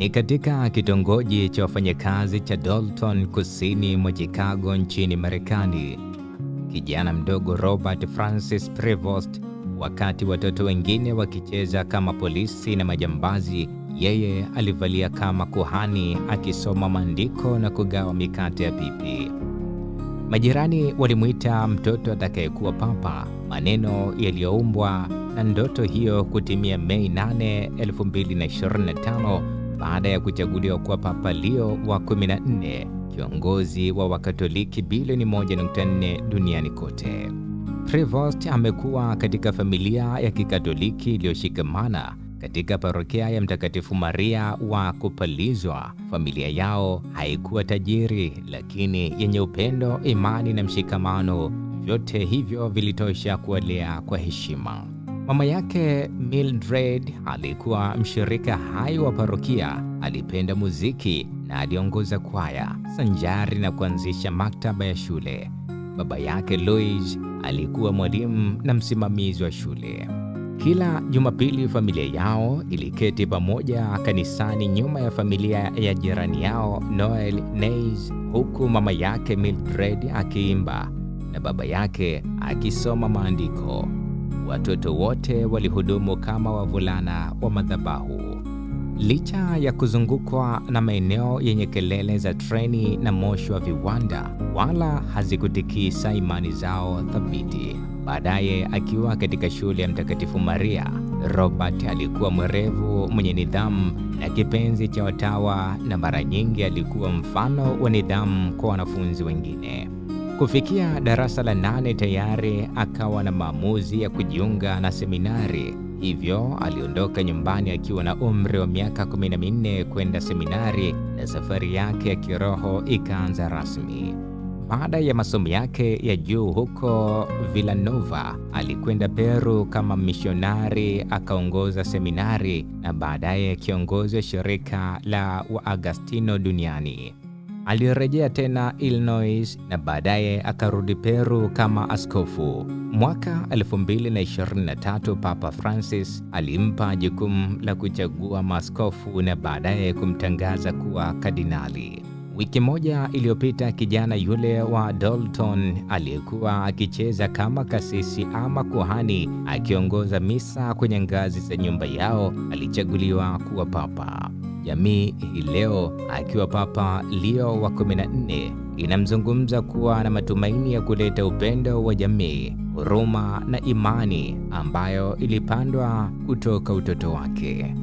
Ni katika kitongoji cha wafanyakazi cha Dalton kusini mwa Chicago nchini Marekani. Kijana mdogo Robert Francis Prevost, wakati watoto wengine wakicheza kama polisi na majambazi, yeye alivalia kama kuhani akisoma maandiko na kugawa mikate ya pipi. Majirani walimwita mtoto atakayekuwa papa, maneno yaliyoumbwa na ndoto hiyo kutimia Mei 8, 2025 baada ya kuchaguliwa kuwa Papa Leo wa 14, kiongozi wa Wakatoliki bilioni 1.4 duniani kote. Prevost amekuwa katika familia ya Kikatoliki iliyoshikamana katika parokia ya Mtakatifu Maria wa Kupalizwa. Familia yao haikuwa tajiri, lakini yenye upendo, imani na mshikamano. Vyote hivyo vilitosha kuwalea kwa heshima. Mama yake Mildred alikuwa mshirika hai wa parokia, alipenda muziki na aliongoza kwaya sanjari na kuanzisha maktaba ya shule. Baba yake Louis alikuwa mwalimu na msimamizi wa shule. Kila Jumapili familia yao iliketi pamoja kanisani nyuma ya familia ya jirani yao Noel Neys, huku mama yake Mildred akiimba na baba yake akisoma maandiko. Watoto wote walihudumu kama wavulana wa madhabahu. Licha ya kuzungukwa na maeneo yenye kelele za treni na moshi wa viwanda, wala hazikutikisa imani zao thabiti. Baadaye, akiwa katika shule ya Mtakatifu Maria, Robert alikuwa mwerevu, mwenye nidhamu na kipenzi cha watawa, na mara nyingi alikuwa mfano wa nidhamu kwa wanafunzi wengine. Kufikia darasa la nane tayari akawa na maamuzi ya kujiunga na seminari, hivyo aliondoka nyumbani akiwa na umri wa miaka 14 kwenda seminari, na safari yake ya kiroho ikaanza rasmi. Baada ya masomo yake ya juu huko Villanova, alikwenda Peru kama mishonari, akaongoza seminari na baadaye kiongozi wa shirika la Waagastino duniani. Alirejea tena Illinois na baadaye akarudi Peru kama askofu. Mwaka 2023 Papa Francis alimpa jukumu la kuchagua maaskofu na baadaye kumtangaza kuwa kardinali. Wiki moja iliyopita kijana yule wa Dalton aliyekuwa akicheza kama kasisi ama kuhani akiongoza misa kwenye ngazi za nyumba yao alichaguliwa kuwa papa. Jamii hii leo, akiwa Papa Leo wa 14, inamzungumza kuwa na matumaini ya kuleta upendo wa jamii, huruma na imani ambayo ilipandwa kutoka utoto wake.